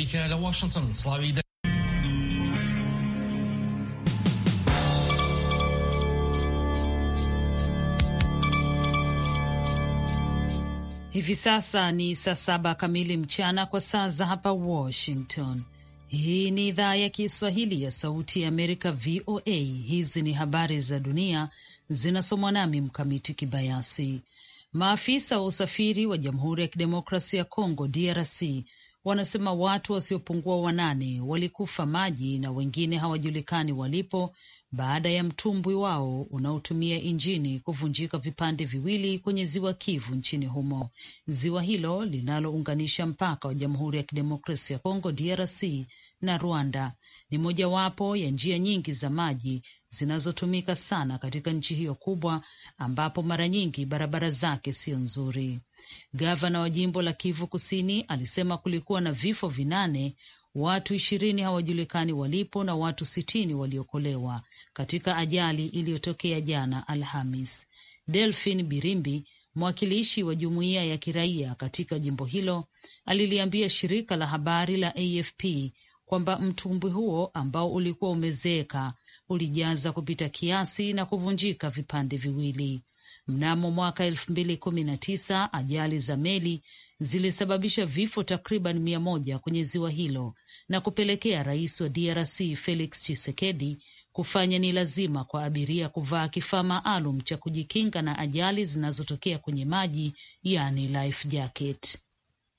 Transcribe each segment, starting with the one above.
La Washington, Slavida. Hivi sasa ni saa saba kamili mchana kwa saa za hapa Washington. Hii ni idhaa ya Kiswahili ya Sauti ya Amerika, VOA. Hizi ni habari za dunia zinasomwa nami Mkamiti Kibayasi. Maafisa wa usafiri wa Jamhuri ya Kidemokrasia ya Kongo, DRC, wanasema watu wasiopungua wanane walikufa maji na wengine hawajulikani walipo baada ya mtumbwi wao unaotumia injini kuvunjika vipande viwili kwenye ziwa Kivu nchini humo. Ziwa hilo linalounganisha mpaka wa Jamhuri ya Kidemokrasia ya Kongo DRC na Rwanda ni mojawapo ya njia nyingi za maji zinazotumika sana katika nchi hiyo kubwa, ambapo mara nyingi barabara zake sio nzuri. Gavana wa jimbo la Kivu Kusini alisema kulikuwa na vifo vinane, watu ishirini hawajulikani walipo na watu sitini waliokolewa katika ajali iliyotokea jana Alhamis. Delphin Birimbi, mwakilishi wa jumuiya ya kiraia katika jimbo hilo, aliliambia shirika la habari la AFP kwamba mtumbwi huo ambao ulikuwa umezeeka ulijaza kupita kiasi na kuvunjika vipande viwili. Mnamo mwaka elfu mbili kumi na tisa ajali za meli zilisababisha vifo takriban mia moja kwenye ziwa hilo na kupelekea rais wa DRC Felix Tshisekedi kufanya ni lazima kwa abiria kuvaa kifaa maalum cha kujikinga na ajali zinazotokea kwenye maji, yani life jacket.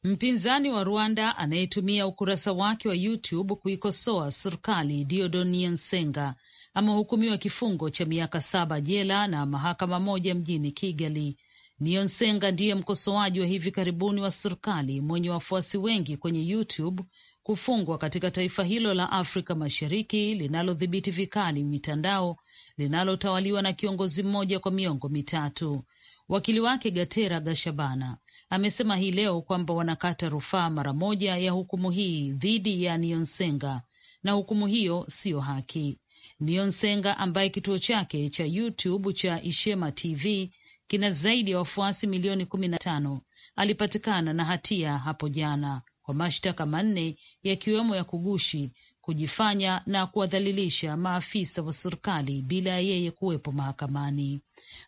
Mpinzani wa Rwanda anayetumia ukurasa wake wa YouTube kuikosoa serikali, Diodon Nsenga amehukumiwa kifungo cha miaka saba jela na mahakama moja mjini Kigali. Niyonsenga ndiye mkosoaji wa hivi karibuni wa serikali mwenye wafuasi wengi kwenye YouTube kufungwa katika taifa hilo la Afrika Mashariki linalodhibiti vikali mitandao linalotawaliwa na kiongozi mmoja kwa miongo mitatu. Wakili wake Gatera Gashabana amesema hii leo kwamba wanakata rufaa mara moja ya hukumu hii dhidi ya Niyonsenga na hukumu hiyo siyo haki. Niyonsenga ambaye kituo chake cha YouTube cha Ishema TV kina zaidi ya wafuasi milioni kumi na tano alipatikana na hatia hapo jana kwa mashtaka manne yakiwemo ya kugushi, kujifanya na kuwadhalilisha maafisa wa serikali bila ya yeye kuwepo mahakamani.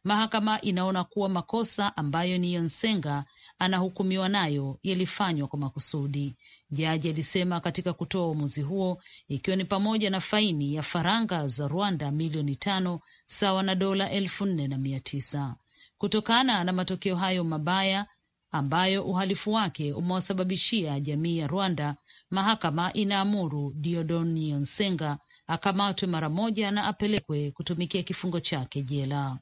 Mahakama inaona kuwa makosa ambayo Niyonsenga anahukumiwa nayo yalifanywa kwa makusudi, Jaji alisema katika kutoa uamuzi huo, ikiwa ni pamoja na faini ya faranga za Rwanda milioni tano sawa na dola elfu nne na mia tisa kutokana na matokeo hayo mabaya ambayo uhalifu wake umewasababishia jamii ya Rwanda. Mahakama inaamuru diodonio Nsenga akamatwe mara moja na apelekwe kutumikia kifungo chake jela.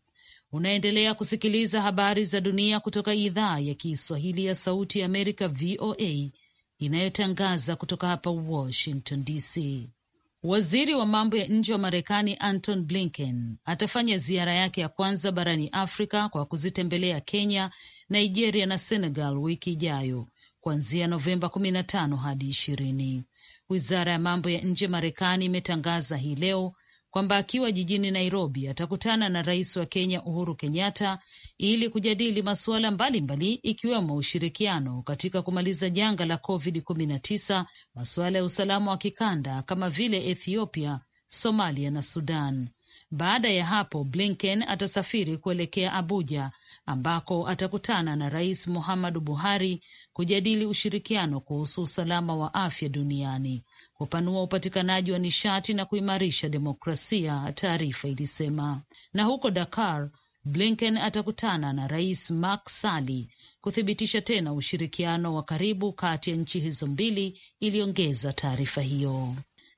Unaendelea kusikiliza habari za dunia kutoka idhaa ya Kiswahili ya Sauti ya Amerika, VOA, inayotangaza kutoka hapa Washington DC. Waziri wa mambo ya nje wa Marekani Anton Blinken atafanya ziara yake ya kwanza barani Afrika kwa kuzitembelea Kenya, Nigeria na Senegal wiki ijayo kuanzia Novemba kumi na tano hadi ishirini. Wizara ya mambo ya nje Marekani imetangaza hii leo kwamba akiwa jijini Nairobi atakutana na rais wa Kenya Uhuru Kenyatta ili kujadili masuala mbalimbali ikiwemo ushirikiano katika kumaliza janga la COVID-19, masuala ya usalama wa kikanda kama vile Ethiopia, Somalia na Sudan. Baada ya hapo, Blinken atasafiri kuelekea Abuja ambako atakutana na Rais Muhammadu Buhari kujadili ushirikiano kuhusu usalama wa afya duniani, kupanua upatikanaji wa nishati na kuimarisha demokrasia, taarifa ilisema. Na huko Dakar, Blinken atakutana na Rais Macky Sall kuthibitisha tena ushirikiano wa karibu kati ya nchi hizo mbili, iliongeza taarifa hiyo.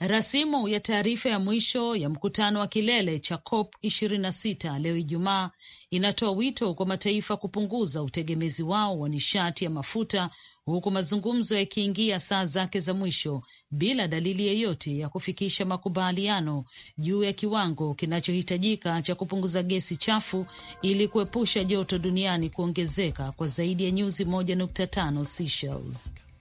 Rasimu ya taarifa ya mwisho ya mkutano wa kilele cha COP 26 leo Ijumaa inatoa wito kwa mataifa kupunguza utegemezi wao wa nishati ya mafuta huku mazungumzo yakiingia saa zake za mwisho bila dalili yeyote ya kufikisha makubaliano juu ya kiwango kinachohitajika cha kupunguza gesi chafu ili kuepusha joto duniani kuongezeka kwa zaidi ya nyuzi 1.5 Celsius.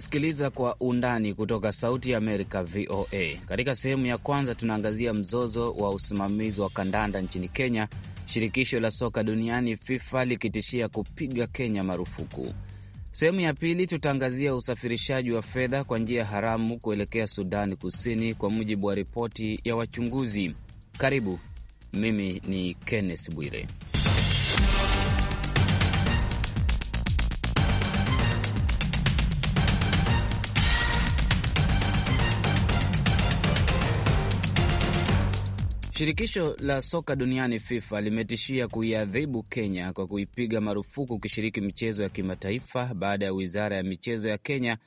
unasikiliza Kwa Undani kutoka Sauti ya Amerika, VOA. Katika sehemu ya kwanza, tunaangazia mzozo wa usimamizi wa kandanda nchini Kenya, shirikisho la soka duniani FIFA likitishia kupiga Kenya marufuku. Sehemu ya pili, tutaangazia usafirishaji wa fedha kwa njia haramu kuelekea Sudani Kusini, kwa mujibu wa ripoti ya wachunguzi. Karibu. Mimi ni Kenneth Bwire. Shirikisho la soka duniani FIFA limetishia kuiadhibu Kenya kwa kuipiga marufuku kushiriki michezo ya kimataifa baada ya wizara ya michezo ya Kenya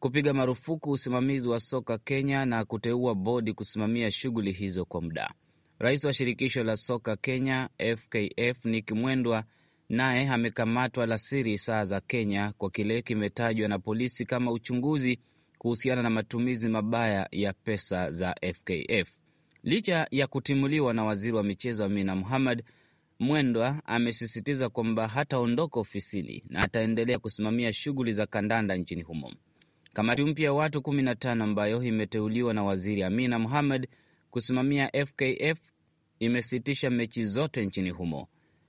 kupiga marufuku usimamizi wa soka Kenya na kuteua bodi kusimamia shughuli hizo kwa muda. Rais wa shirikisho la soka Kenya FKF Nick Mwendwa naye amekamatwa siri saa za Kenya kwa kile kimetajwa na polisi kama uchunguzi kuhusiana na matumizi mabaya ya pesa za FKF. Licha ya kutimuliwa na waziri wa michezo Amina muhamad Mwendwa amesisitiza kwamba hataondoka ofisini na ataendelea kusimamia shughuli za kandanda nchini humo. Kamati mpya ya watu 15 ambayo imeteuliwa na waziri Amina muhamad kusimamia FKF imesitisha mechi zote nchini humo,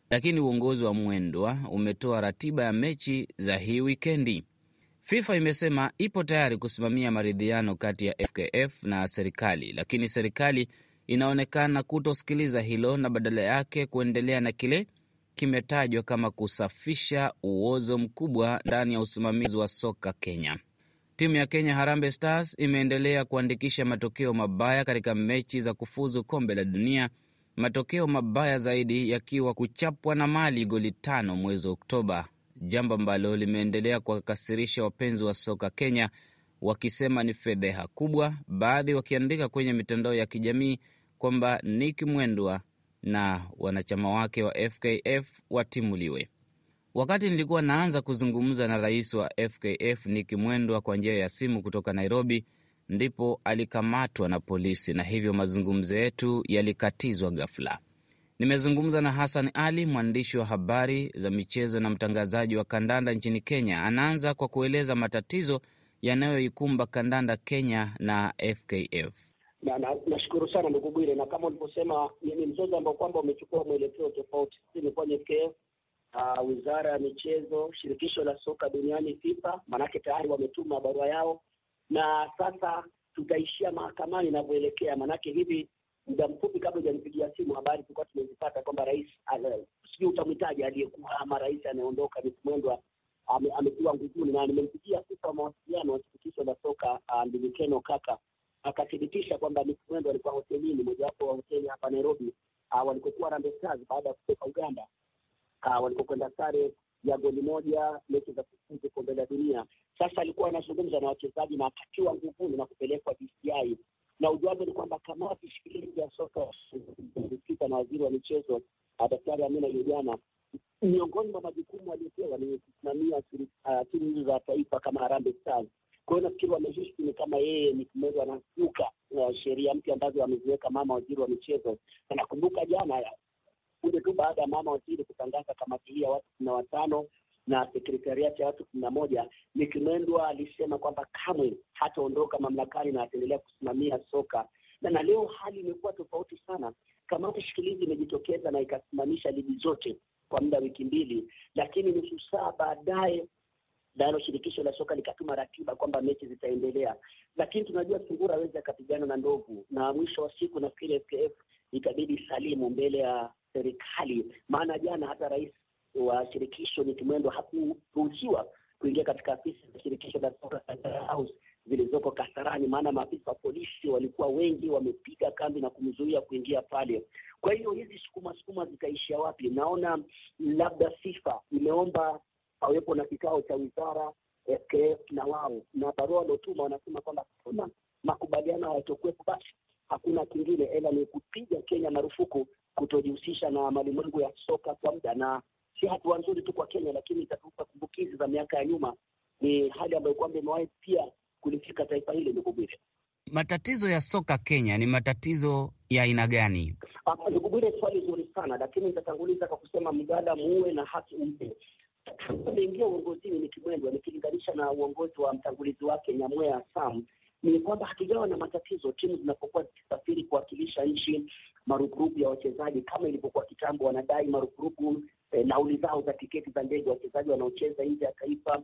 lakini uongozi wa Mwendwa umetoa ratiba ya mechi za hii wikendi. FIFA imesema ipo tayari kusimamia maridhiano kati ya FKF na serikali, lakini serikali inaonekana kutosikiliza hilo na badala yake kuendelea na kile kimetajwa kama kusafisha uozo mkubwa ndani ya usimamizi wa soka Kenya. Timu ya Kenya Harambee Stars imeendelea kuandikisha matokeo mabaya katika mechi za kufuzu kombe la dunia, matokeo mabaya zaidi yakiwa kuchapwa na Mali goli tano mwezi Oktoba jambo ambalo limeendelea kuwakasirisha wapenzi wa soka Kenya, wakisema ni fedheha kubwa, baadhi wakiandika kwenye mitandao ya kijamii kwamba Nick Mwendwa na wanachama wake wa FKF watimuliwe. Wakati nilikuwa naanza kuzungumza na rais wa FKF Nick Mwendwa kwa njia ya simu kutoka Nairobi, ndipo alikamatwa na polisi na hivyo mazungumzo yetu yalikatizwa ghafla. Nimezungumza na Hassan Ali, mwandishi wa habari za michezo na mtangazaji wa kandanda nchini Kenya. Anaanza kwa kueleza matatizo yanayoikumba kandanda Kenya na FKF. Nashukuru na, na sana ndugu Bwire, na kama ulivyosema ni mzozo ambao kwamba umechukua mwelekeo tofauti. Sisi ni kwenye FKF, uh, ah, wizara ya michezo, shirikisho la soka duniani FIFA, maanake tayari wametuma barua yao, na sasa tutaishia mahakamani inavyoelekea, maanake hivi muda mfupi kabla hujanipigia simu, habari tulikuwa tumezipata kwamba rais, sijui utamhitaji aliyekuwa ama rais anayeondoka ni Kumwendwa amekuwa nguvuni, na nimempigia afisa wa mawasiliano wa shirikisho la soka ah, Ndimikeno Kaka akathibitisha kwamba ni Kumwendwa alikuwa hotelini, mojawapo wa hoteli hapa Nairobi ah, walikokuwa Harambee Stars baada ya kutoka Uganda ah, walikokwenda sare ya goli moja mechi za kufuzu kombe la dunia. Sasa alikuwa anazungumza na wachezaji na akatiwa nguvuni na kupelekwa DCI na ujuazo ni kwamba kamati shirini ya soka ilifika na waziri wa michezo ah, Daktari Amina Juliana, miongoni mwa majukumu aliyopewa ni kusimamia timu ah, hizi za taifa kama Harambee Stars. Kwa hiyo nafikiri wamehisi ni kama yeye ni anasuka uh, ah, sheria mpya ambazo wameziweka mama waziri wa michezo, na nakumbuka jana punde tu baada ya mama waziri kutangaza kamati hii ya watu kumi na watano na sekretariati ya watu kumi na moja, Nick alisema kwamba kamwe hataondoka mamlakani na ataendelea kusimamia soka na, na leo hali imekuwa tofauti sana. Kamati shikilizi imejitokeza na ikasimamisha ligi zote kwa muda wiki mbili, lakini nusu saa baadaye dalo shirikisho la soka likatuma ratiba kwamba mechi zitaendelea, lakini tunajua sungura awezi akapigana na ndovu, na mwisho wa siku nafikiri FKF ikabidi salimu mbele ya serikali, maana jana hata rais wa shirikisho ni Kimwendo hakuruhusiwa kuingia katika afisi za shirikisho la House zilizoko Kasarani, maana maafisa wa polisi walikuwa wengi wamepiga kambi na kumzuia kuingia pale. Kwa hiyo hizi sukuma sukuma zitaishia wapi? Naona labda FIFA imeomba pawepo na kikao cha wizara FKF eh, na wao, na barua waliotuma wanasema kwamba hakuna makubaliano hayatokuwepo, basi hakuna kingine ila ni kupiga Kenya marufuku kutojihusisha na malimwengu ya soka kwa muda, na si hatua nzuri tu kwa Kenya, lakini itatupa kumbukizi za miaka ya nyuma. Ni hali ambayo kwamba imewahi pia kulifika taifa hili ndugu Bwire. Matatizo ya soka Kenya ni matatizo ya aina gani? Ah, ndugu Bwire, swali zuri sana lakini nitatanguliza kwa kusema mgada muue na haki mpe. Ameingia uongozini ni Kimwendwa, nikilinganisha na uongozi wa mtangulizi wake Nyamwea Sam, ni kwamba hakijawa na matatizo timu zinapokuwa zikisafiri kuwakilisha nchi, marupurupu ya wachezaji kama ilivyokuwa kitambo, wanadai marupurupu Eh, nauli zao za tiketi za ndege, wachezaji wanaocheza nje ya taifa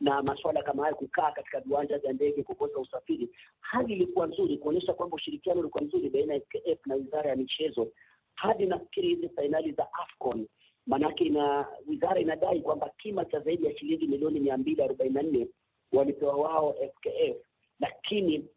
na masuala kama hayo, kukaa katika viwanja vya ndege, kukosa usafiri. Hali ilikuwa nzuri kuonyesha kwamba ushirikiano ulikuwa nzuri baina ya FKF na wizara ya michezo, hadi nafikiri hizi fainali za AFCON maanake ina wizara inadai kwamba kima cha zaidi ya shilingi milioni mia mbili arobaini na nne walipewa wao FKF, lakini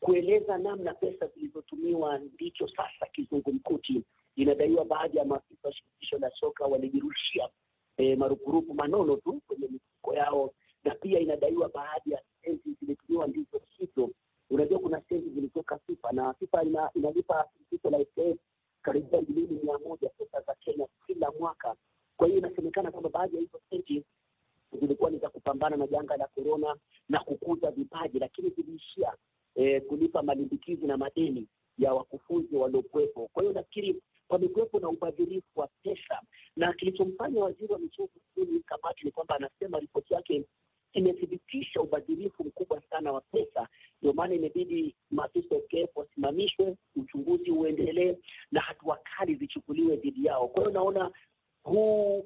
kueleza namna pesa zilizotumiwa ndicho sasa kizungumkuti Inadaiwa baadhi ya maafisa wa shirikisho la soka walijirushia e, marupurupu manono tu kwenye mifuko yao, na pia inadaiwa baadhi ya senti zilitumiwa ndizo hizo. Unajua, kuna senti zilitoka FIFA na FIFA ina, inalipa shirikisho la FKF karibia milioni mia moja pesa za Kenya kila mwaka. Kwa hiyo inasemekana kwamba baadhi ya hizo senti zilikuwa ni za kupambana na janga la korona na kukuza vipaji, lakini ziliishia e, kulipa malimbikizi na madeni ya wakufunzi waliokuwepo. Kwa hiyo nafikiri pamekuwepo na ubadhirifu wa pesa, na kilichomfanya waziri wa michezo Juni Kabati ni kwamba anasema ripoti yake imethibitisha ubadhirifu mkubwa sana wa pesa. Ndio maana imebidi maafisa wa KF wasimamishwe, uchunguzi uendelee na hatua kali zichukuliwe dhidi yao. Kwa hiyo naona huu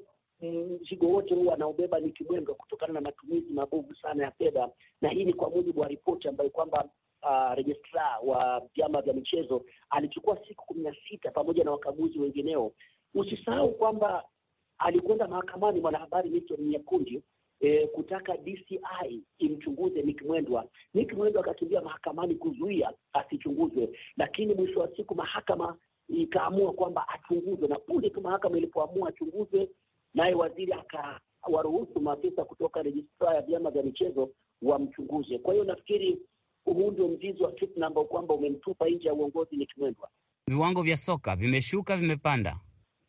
mzigo wote huu anaobeba ni Kimwenga kutokana na matumizi mabovu sana ya fedha, na hii ni kwa mujibu wa ripoti ambayo kwamba uh, registrar wa vyama vya michezo alichukua siku kumi na sita pamoja na wakaguzi wengineo. Usisahau kwamba alikwenda mahakamani mwanahabari Milton Nyakundi e, kutaka DCI imchunguze Nick Mwendwa. Nick Mwendwa akakimbia mahakamani kuzuia asichunguzwe, lakini mwisho wa siku mahakama ikaamua kwamba achunguzwe, na punde tu mahakama ilipoamua achunguzwe, naye waziri akawaruhusu maafisa kutoka rejistra ya vyama vya michezo wamchunguze. Kwa hiyo nafikiri huu ndio mzizi wa fitna ambao kwamba umemtupa nje ya uongozi ni Kimwendwa. Viwango vya soka vimeshuka, vimepanda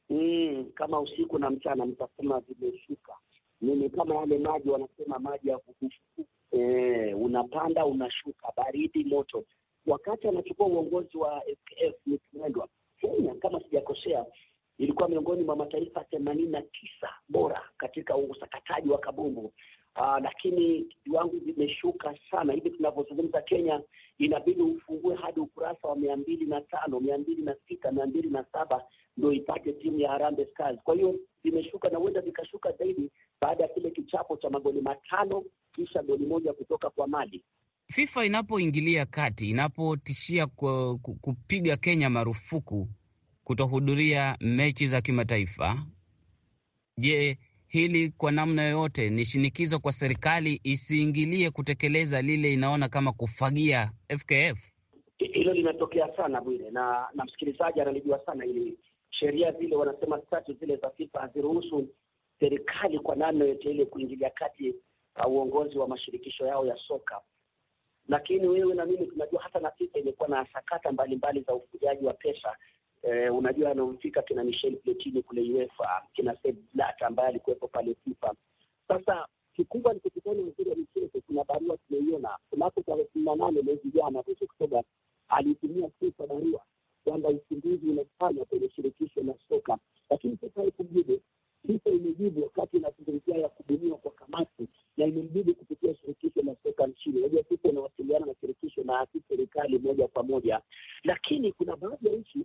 mm, kama usiku na mchana mtasema vimeshuka. Mimi kama yale maji wanasema maji ya vuguvugu e, eh, unapanda unashuka, baridi moto. Wakati anachukua uongozi wa FKF ni Kimwendwa, Kenya kama sijakosea ilikuwa miongoni mwa mataifa themanini na tisa bora katika usakataji wa kabumbu Aa, ah, lakini viwango vimeshuka sana. Hivi tunavyozungumza, Kenya inabidi ufungue hadi ukurasa wa mia mbili na tano mia mbili na sita mia mbili na saba ndio ipate timu ya Harambee Stars. Kwa hiyo vimeshuka na huenda vikashuka zaidi baada ya kile kichapo cha magoli matano kisha goli moja kutoka kwa Mali. FIFA inapoingilia kati, inapotishia kupiga Kenya marufuku kutohudhuria mechi za kimataifa, je, Hili kwa namna yoyote ni shinikizo kwa serikali isiingilie kutekeleza lile inaona kama kufagia FKF. Hilo linatokea sana Bwire, na na msikilizaji analijua sana ili sheria zile, wanasema statu zile za FIFA haziruhusu serikali kwa namna yoyote ile kuingilia kati ya uh, uongozi wa mashirikisho yao ya soka. Lakini wewe na mimi tunajua hata na FIFA imekuwa na sakata mbalimbali za ufujaji wa pesa eh, unajua anamfika kina Michel Platini kule UEFA, kina Sepp Blatter ambaye alikuwepo pale FIFA. Sasa kikubwa ni kukutana waziri wa michezo. Kuna barua tumeiona kunako tarehe kumi na nane mwezi jana, mwezi Oktoba, alitumia FIFA barua kwamba uchunguzi unafanywa kwenye shirikisho la soka, lakini sasa haikujibu. FIFA imejibu wakati inazungumzia ya kubuniwa kwa kamati, na imemjibu kupitia shirikisho la soka nchini. Unajua, FIFA inawasiliana na shirikisho na asi serikali moja kwa moja, lakini kuna baadhi ya nchi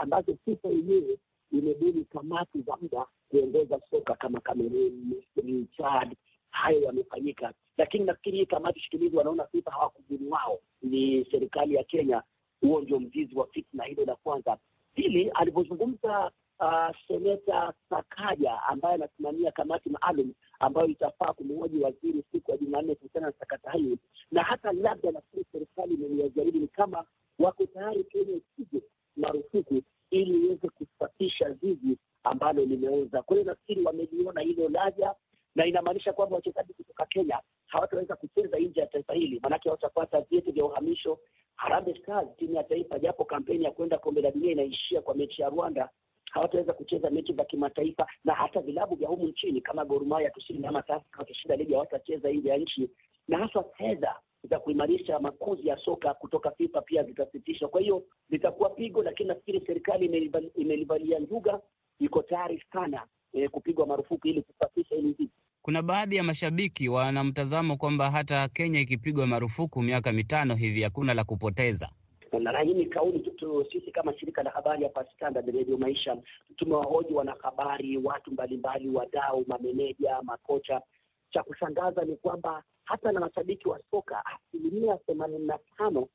ambazo FIFA yenyewe imebuni kamati za muda kuongoza soka kama Kamerun, Misri, Chad. Hayo yamefanyika, lakini nafikiri hii kamati shikilizi wanaona FIFA hawakubuni wao, ni serikali ya Kenya. Huo ndio mzizi wa fitna, hilo la kwanza. Pili, alivyozungumza uh, seneta Sakaja ambaye anasimamia kamati maalum ambayo itafaa kumhoji waziri siku ya Jumanne kuhusiana na sakata hii, na hata labda nafikiri serikali imejaribu, ni kama wako tayari Kenya isije marufuku ili iweze kusafisha zizi ambalo limeoza. Kwa hiyo nafikiri wameliona hilo laja, na inamaanisha kwamba wachezaji kutoka Kenya hawataweza kucheza nje ya taifa hili, maanake hawatapata vyeti vya uhamisho. Harambee Stars, timu ya taifa, japo kampeni ya kwenda kombe la dunia inaishia kwa mechi ya Rwanda, hawataweza kucheza mechi za kimataifa, na hata vilabu vya humu nchini kama Gor Mahia tushinda ama Tusker wakishinda ligi hawatacheza nje ya nchi, na hasa fedha za kuimarisha makuzi ya soka kutoka FIFA pia zitasitishwa. Kwa hiyo litakuwa pigo, lakini nafikiri serikali imelivalia njuga, iko tayari sana e, kupigwa marufuku ili kusafisha hili zizi. Kuna baadhi ya mashabiki wanamtazamo kwamba hata Kenya ikipigwa marufuku miaka mitano hivi hakuna la kupoteza. Na hii ni kauli tu, sisi kama shirika la habari hapa Standard Radio Maisha tumewahoji wanahabari, watu mbalimbali, wadau, mameneja, makocha cha kushangaza ni kwamba hata na mashabiki wa soka asilimia themanini na tano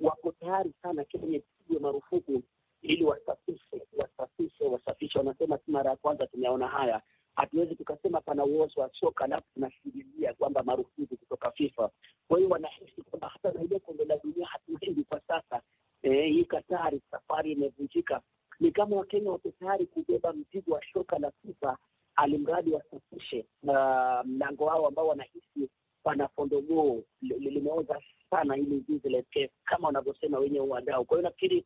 wako tayari sana Kenya ipigwe marufuku ili wasafishe, wasafishe, wasafishe. Wanasema si mara ya kwanza tumeona haya. Hatuwezi tukasema pana uozo wa soka alafu tunashikilia kwamba marufuku kutoka FIFA. Kwa hiyo wanahisi kwamba hata na ile kombe la dunia hatuendi kwa sasa. E, hii Katari safari imevunjika, ni kama Wakenya wako tayari kubeba mzigo wa soka la FIFA alimradi wasafishe na mlango wao ambao wanahisi pana fondogoo limeoza sana, ili zizileke kama wanavyosema wenye uwadao. Kwa hiyo nafikiri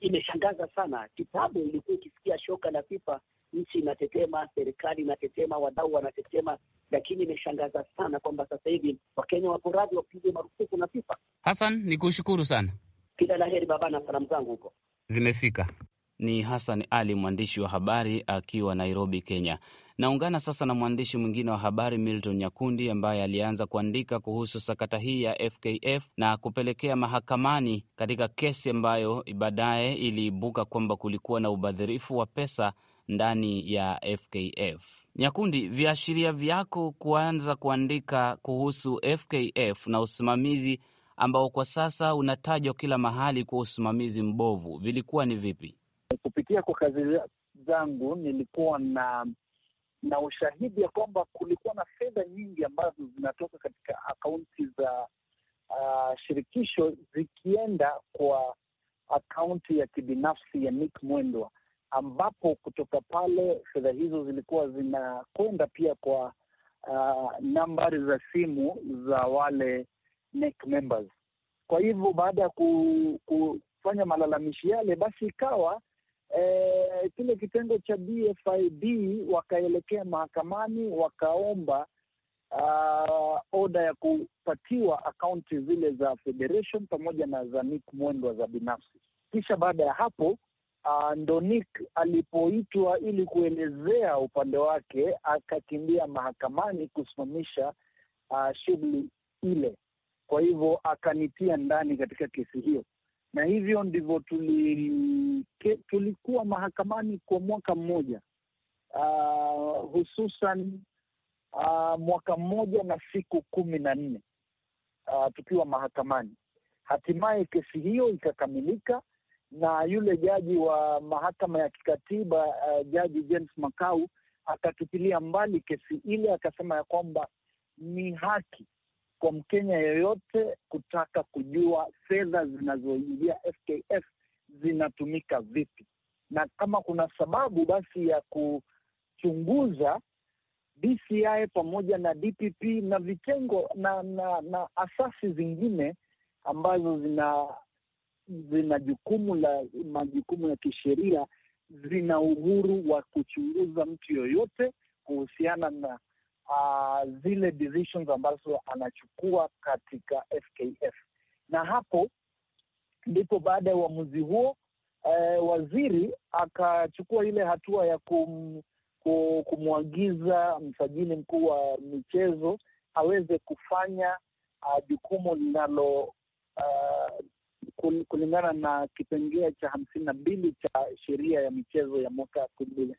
imeshangaza sana. kitabu ilikuwa ikisikia shoka la fifa nchi inatetema, serikali inatetema, wadau wanatetema, lakini imeshangaza sana kwamba sasa hivi Wakenya wapo radhi wapige marufuku na fifa Hassan, ni kushukuru sana, kila la heri baba, na salamu zangu huko zimefika ni Hassan Ali, mwandishi wa habari akiwa Nairobi, Kenya. Naungana sasa na mwandishi mwingine wa habari Milton Nyakundi ambaye alianza kuandika kuhusu sakata hii ya FKF na kupelekea mahakamani katika kesi ambayo baadaye iliibuka kwamba kulikuwa na ubadhirifu wa pesa ndani ya FKF. Nyakundi, viashiria vyako kuanza kuandika kuhusu FKF na usimamizi ambao kwa sasa unatajwa kila mahali kwa usimamizi mbovu vilikuwa ni vipi? kupitia kwa kazi zangu nilikuwa na na ushahidi ya kwamba kulikuwa na fedha nyingi ambazo zinatoka katika akaunti za uh, shirikisho zikienda kwa akaunti ya kibinafsi ya Nick Mwendwa, ambapo kutoka pale fedha hizo zilikuwa zinakwenda pia kwa uh, nambari za simu za wale NEC members. Kwa hivyo baada ya ku, kufanya malalamishi yale, basi ikawa eh, kile kitengo cha DFID wakaelekea mahakamani wakaomba uh, oda ya kupatiwa akaunti zile za Federation pamoja na za Nick Mwendwa za binafsi. Kisha baada ya hapo uh, ndo Nick alipoitwa ili kuelezea upande wake, akakimbia mahakamani kusimamisha uh, shughuli ile. Kwa hivyo akanitia ndani katika kesi hiyo na hivyo ndivyo tuli, tulikuwa mahakamani kwa mwaka mmoja uh, hususan uh, mwaka mmoja na siku kumi na nne uh, tukiwa mahakamani. Hatimaye kesi hiyo ikakamilika na yule jaji wa mahakama ya kikatiba uh, Jaji James Makau akatupilia mbali kesi ile, akasema ya kwamba ni haki kwa Mkenya yeyote kutaka kujua fedha zinazoingia FKF zinatumika vipi, na kama kuna sababu basi ya kuchunguza DCI pamoja na DPP na vitengo na, na, na asasi zingine ambazo zina zina jukumu la majukumu ya kisheria zina uhuru wa kuchunguza mtu yoyote kuhusiana na uh, zile decisions ambazo anachukua katika FKF, na hapo ndipo baada ya uamuzi huo eh, waziri akachukua ile hatua ya kum, kum, kumwagiza msajili mkuu wa michezo aweze kufanya uh, jukumu uh, linalo uh, kulingana na kipengee cha hamsini na mbili cha sheria ya michezo ya mwaka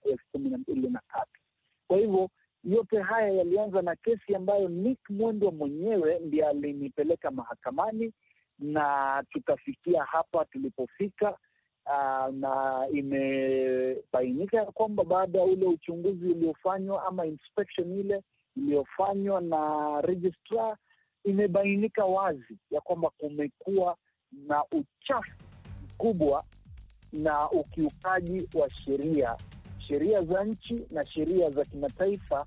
elfu kumi na mbili na tatu. Kwa hivyo yote haya yalianza na kesi ambayo Nick Mwendwa mwenyewe ndiye alinipeleka mahakamani na tukafikia hapa tulipofika. Uh, na imebainika ya kwamba baada ya ule uchunguzi uliofanywa ama inspection ile iliyofanywa na registrar, imebainika wazi ya kwamba kumekuwa na uchafu mkubwa na ukiukaji wa sheria sheria za nchi na sheria za kimataifa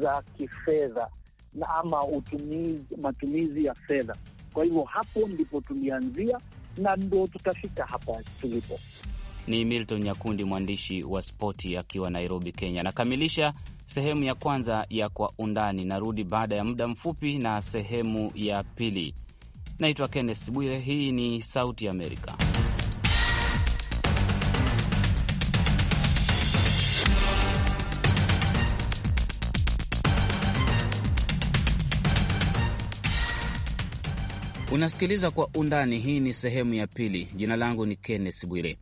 za kifedha na ama utumizi, matumizi ya fedha. Kwa hivyo hapo ndipo tulianzia na ndo tutafika hapa tulipo. Ni Milton Nyakundi, mwandishi wa spoti akiwa Nairobi, Kenya. Nakamilisha sehemu ya kwanza ya Kwa Undani. Narudi baada ya muda mfupi na sehemu ya pili. Naitwa Kenneth Bwire, hii ni Sauti Amerika. Unasikiliza kwa undani. Hii ni sehemu ya pili. Jina langu ni Kenneth Bwire.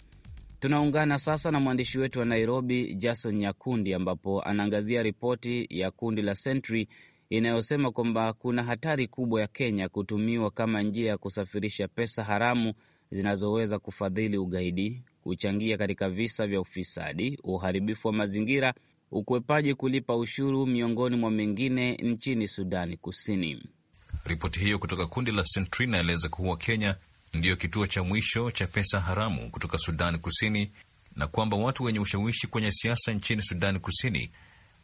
Tunaungana sasa na mwandishi wetu wa Nairobi, Jason Nyakundi, ambapo anaangazia ripoti ya kundi la Sentry inayosema kwamba kuna hatari kubwa ya Kenya kutumiwa kama njia ya kusafirisha pesa haramu zinazoweza kufadhili ugaidi, kuchangia katika visa vya ufisadi, uharibifu wa mazingira, ukwepaji kulipa ushuru, miongoni mwa mengine nchini Sudani Kusini. Ripoti hiyo kutoka kundi la Sentry inaeleza kuwa Kenya ndiyo kituo cha mwisho cha pesa haramu kutoka sudani Kusini na kwamba watu wenye ushawishi kwenye siasa nchini sudani Kusini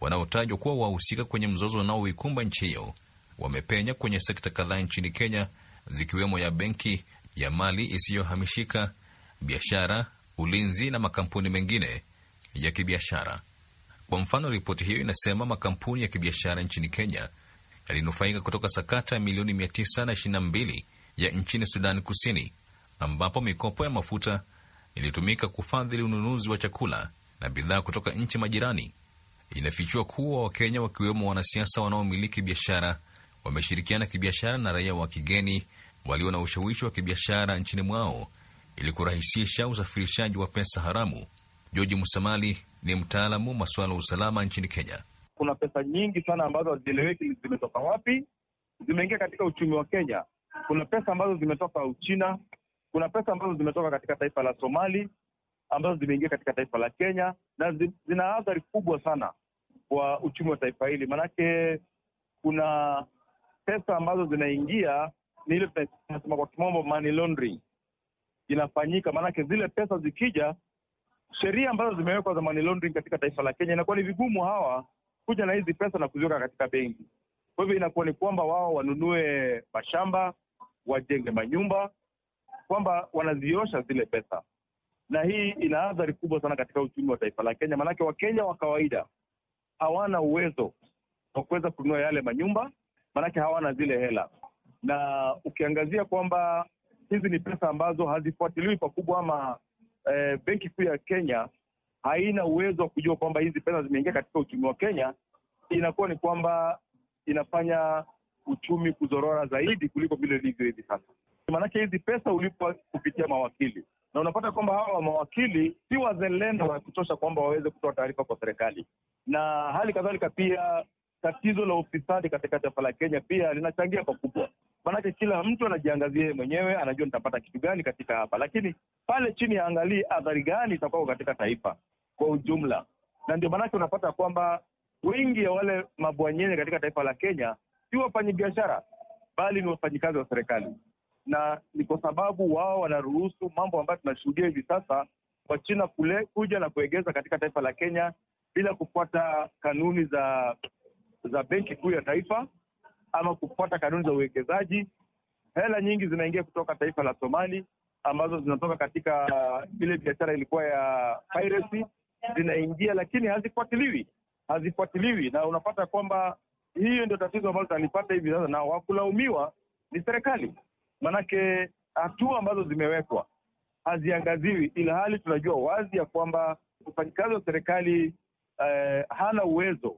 wanaotajwa kuwa wahusika kwenye mzozo unaoikumba nchi hiyo wamepenya kwenye sekta kadhaa nchini Kenya, zikiwemo ya benki, ya mali isiyohamishika, biashara, ulinzi na makampuni mengine ya kibiashara. Kwa mfano, ripoti hiyo inasema makampuni ya kibiashara nchini Kenya alinufaika kutoka sakata ya milioni 922 ya nchini Sudan Kusini, ambapo mikopo ya mafuta ilitumika kufadhili ununuzi wa chakula na bidhaa kutoka nchi majirani. Inafichua kuwa Wakenya wakiwemo wanasiasa wanaomiliki biashara wameshirikiana kibiashara na raia wa kigeni walio na ushawishi wa kibiashara nchini mwao ili kurahisisha usafirishaji wa pesa haramu. George Musamali ni mtaalamu wa masuala ya usalama nchini Kenya kuna pesa nyingi sana ambazo hazieleweki zimetoka wapi, zimeingia katika uchumi wa Kenya. Kuna pesa ambazo zimetoka Uchina, kuna pesa ambazo zimetoka katika taifa la Somali ambazo zimeingia katika taifa la Kenya na zina athari kubwa sana kwa uchumi wa taifa hili, maanake kuna pesa ambazo zinaingia ni ile tunasema kwa kimombo money laundering inafanyika, maanake zile pesa zikija, sheria ambazo zimewekwa za money laundering katika taifa la Kenya, inakuwa ni vigumu hawa kuja na hizi pesa na kuziweka katika benki. Kwa hivyo inakuwa ni kwamba wao wanunue mashamba, wajenge manyumba, kwamba wanaziosha zile pesa, na hii ina athari kubwa sana katika uchumi wa taifa la Kenya, maanake Wakenya wa kawaida hawana uwezo wa kuweza kununua yale manyumba, maanake hawana zile hela, na ukiangazia kwamba hizi ni pesa ambazo hazifuatiliwi pakubwa ama eh, benki kuu ya Kenya haina uwezo wa kujua kwamba hizi pesa zimeingia katika uchumi wa Kenya, inakuwa ni kwamba inafanya uchumi kuzorora zaidi kuliko vile ilivyo hivi sasa. Maanake hizi pesa ulipwa kupitia mawakili na unapata kwamba hawa mawakili si wazalendo wa kutosha kwamba waweze kutoa taarifa kwa serikali, na hali kadhalika pia tatizo la ufisadi katika taifa la Kenya pia linachangia pakubwa maanake kila mtu anajiangazia yeye mwenyewe, anajua nitapata kitu gani katika hapa, lakini pale chini angalii athari gani itakuwa katika taifa kwa ujumla. Na ndio maanake unapata kwamba wengi ya wale mabwanyenye katika taifa la Kenya si wafanyabiashara, bali ni wafanyikazi wa serikali, na ni kwa sababu wao wanaruhusu mambo ambayo tunashuhudia hivi sasa, China kule kuja na kuegeza katika taifa la Kenya bila kufuata kanuni za za benki kuu ya taifa ama kufuata kanuni za uwekezaji. Hela nyingi zinaingia kutoka taifa la Somali ambazo zinatoka katika uh, ile biashara ilikuwa ya piracy zinaingia, lakini hazifuatiliwi, hazifuatiliwi na unapata kwamba hiyo ndio tatizo ambalo tunalipata hivi sasa, na wakulaumiwa ni serikali, maanake hatua ambazo zimewekwa haziangaziwi, ila hali tunajua wazi ya kwamba mfanyikazi wa serikali eh, hana uwezo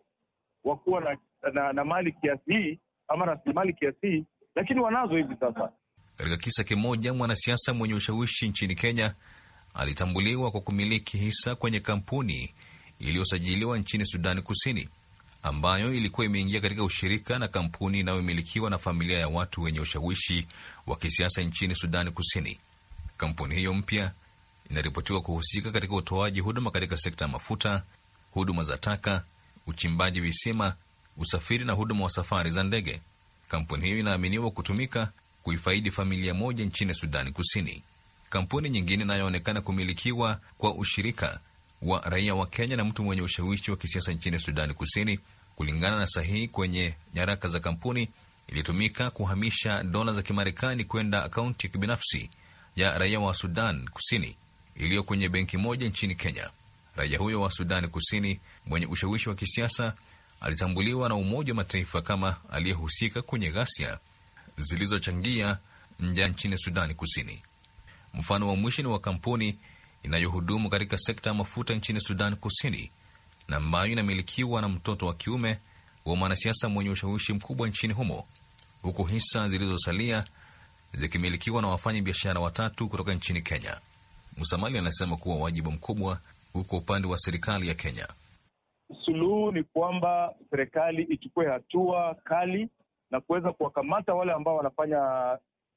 wa kuwa na, na, na mali kiasi hii ama rasilimali kiasi hii, lakini wanazo hivi sasa. Katika kisa kimoja, mwanasiasa mwenye ushawishi nchini Kenya alitambuliwa kwa kumiliki hisa kwenye kampuni iliyosajiliwa nchini Sudani Kusini ambayo ilikuwa imeingia katika ushirika na kampuni inayomilikiwa na familia ya watu wenye ushawishi wa kisiasa nchini Sudani Kusini. Kampuni hiyo mpya inaripotiwa kuhusika katika utoaji huduma katika sekta ya mafuta, huduma za taka, uchimbaji visima usafiri na huduma wa safari za ndege. Kampuni hiyo inaaminiwa kutumika kuifaidi familia moja nchini Sudani Kusini. Kampuni nyingine inayoonekana kumilikiwa kwa ushirika wa raia wa Kenya na mtu mwenye ushawishi wa kisiasa nchini Sudani Kusini, kulingana na sahihi kwenye nyaraka za kampuni, ilitumika kuhamisha dola za Kimarekani kwenda akaunti ya kibinafsi ya raia wa Sudan Kusini iliyo kwenye benki moja nchini Kenya. Raia huyo wa Sudani Kusini mwenye ushawishi wa kisiasa alitambuliwa na Umoja wa Mataifa kama aliyehusika kwenye ghasia zilizochangia njaa nchini Sudani Kusini. Mfano wa mwisho ni wa kampuni inayohudumu katika sekta ya mafuta nchini sudani Kusini na ambayo inamilikiwa na mtoto wa kiume wa mwanasiasa mwenye ushawishi mkubwa nchini humo, huku hisa zilizosalia zikimilikiwa na wafanya biashara watatu kutoka nchini Kenya. Musamali anasema kuwa wajibu mkubwa uko upande wa serikali ya Kenya suluhu ni kwamba serikali ichukue hatua kali na kuweza kuwakamata wale ambao wanafanya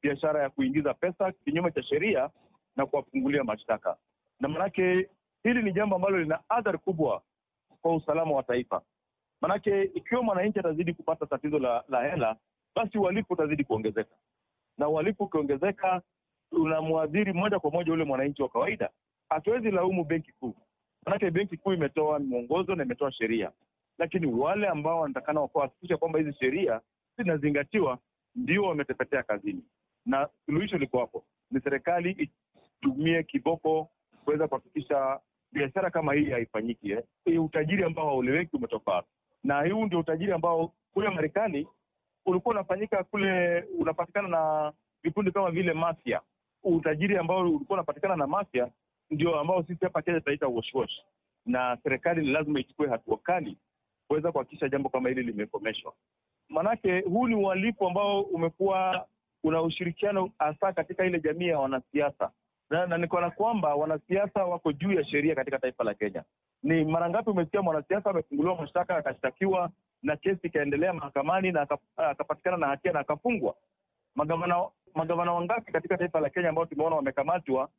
biashara ya kuingiza pesa kinyume cha sheria na kuwafungulia mashtaka, na maanake hili ni jambo ambalo lina athari kubwa kwa usalama wa taifa. Maanake ikiwa mwananchi atazidi kupata tatizo la, la hela, basi uhalifu utazidi kuongezeka, na uhalifu ukiongezeka unamwadhiri moja kwa moja ule mwananchi wa kawaida. Hatuwezi laumu benki kuu, Manake benki kuu imetoa mwongozo na imetoa sheria, lakini wale ambao wanatakana wakuhakikisha kwamba hizi sheria zinazingatiwa ndio wametepetea kazini, na suluhisho liko hapo, ni serikali itumie kiboko kuweza kuhakikisha biashara kama hii haifanyiki. Eh, e, utajiri ambao hauleweki umetoka na huu ndio utajiri ambao kule Marekani ulikuwa unafanyika kule, unapatikana na vikundi kama vile mafia. Utajiri ambao ulikuwa unapatikana na mafia ndio ambao sisi hapa Kenya tunaita washwash, na serikali ni lazima ichukue hatua kali kuweza kuhakikisha jambo kama hili limekomeshwa. Manake huu ni uhalifu ambao umekuwa una ushirikiano hasa katika ile jamii ya wanasiasa na, na nikaona kwamba wanasiasa wako juu ya sheria katika taifa la Kenya. Ni mara ngapi umesikia mwanasiasa amefunguliwa mashtaka akashtakiwa na kesi ikaendelea mahakamani na akapatikana na hatia na akafungwa? Magavana magavana wangapi katika taifa la Kenya ambao tumeona wamekamatwa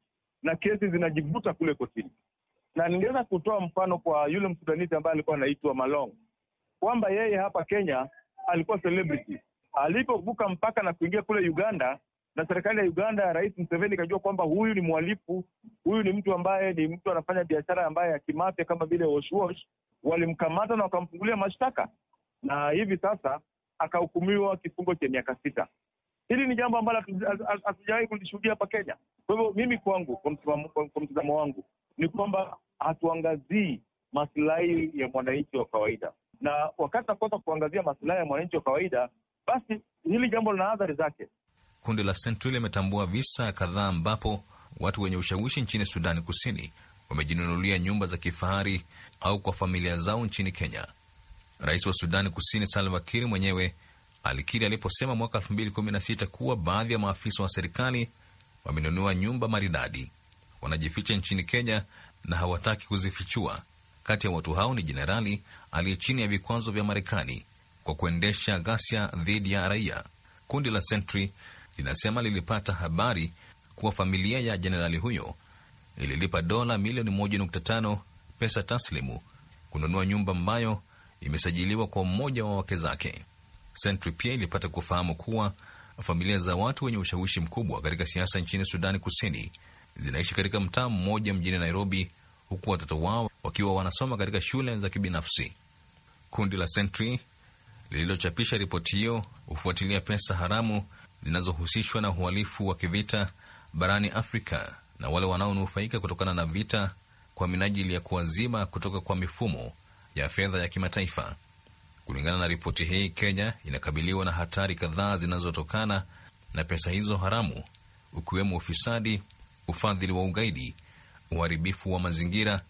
na kesi zinajivuta kule kotini. Na ningeweza kutoa mfano kwa yule msudanisi ambaye alikuwa anaitwa Malong kwamba yeye hapa Kenya alikuwa celebrity, alipovuka mpaka na kuingia kule Uganda na serikali ya Uganda, ya Rais Museveni ikajua kwamba huyu ni mhalifu, huyu ni mtu ambaye ni mtu anafanya biashara ambaye ya kimafia kama vile wash wash, walimkamata na wakamfungulia mashtaka, na hivi sasa akahukumiwa kifungo cha miaka sita. Hili ni jambo ambalo hatujawahi kulishuhudia hapa Kenya. Kwa hivyo mimi kwangu, kwa mtazamo wangu, ni kwamba hatuangazii masilahi ya mwananchi wa kawaida, na wakati nakosa kuangazia masilahi ya mwananchi wa kawaida, basi hili jambo lina athari zake. Kundi la Central limetambua visa kadhaa ambapo watu wenye ushawishi nchini Sudani Kusini wamejinunulia nyumba za kifahari au kwa familia zao nchini Kenya. Rais wa Sudani Kusini Salva Kiir mwenyewe alikiri aliposema mwaka 2016 kuwa baadhi ya maafisa wa serikali wamenunua nyumba maridadi, wanajificha nchini Kenya na hawataki kuzifichua. Kati ya watu hao ni jenerali aliye chini ya vikwazo vya Marekani kwa kuendesha ghasia dhidi ya raia. Kundi la Sentry linasema lilipata habari kuwa familia ya jenerali huyo ililipa dola milioni 1.5 pesa taslimu kununua nyumba ambayo imesajiliwa kwa mmoja wa wake zake. Sentry pia ilipata kufahamu kuwa familia za watu wenye ushawishi mkubwa katika siasa nchini Sudani Kusini zinaishi katika mtaa mmoja mjini Nairobi, huku watoto wao wakiwa wanasoma katika shule za kibinafsi. Kundi la Sentry lililochapisha ripoti hiyo hufuatilia pesa haramu zinazohusishwa na uhalifu wa kivita barani Afrika na wale wanaonufaika kutokana na vita kwa minajili ya kuwazima kutoka kwa mifumo ya fedha ya kimataifa. Kulingana na ripoti hii, Kenya inakabiliwa na hatari kadhaa zinazotokana na pesa hizo haramu, ukiwemo ufisadi, ufadhili wa ugaidi, uharibifu wa mazingira,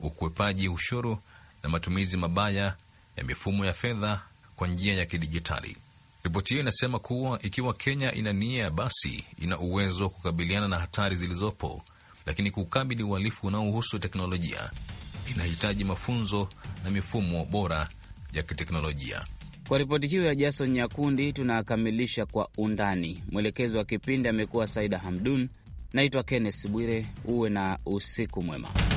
ukwepaji ushuru na matumizi mabaya ya mifumo ya fedha kwa njia ya kidijitali. Ripoti hiyo inasema kuwa ikiwa Kenya ina nia, basi ina uwezo wa kukabiliana na hatari zilizopo, lakini kukabili uhalifu unaohusu teknolojia inahitaji mafunzo na mifumo bora ya kiteknolojia. Kwa ripoti hiyo ya Jason Nyakundi tunakamilisha kwa undani. Mwelekezi wa kipindi amekuwa Saida Hamdun. Naitwa Kenneth Bwire, uwe na usiku mwema.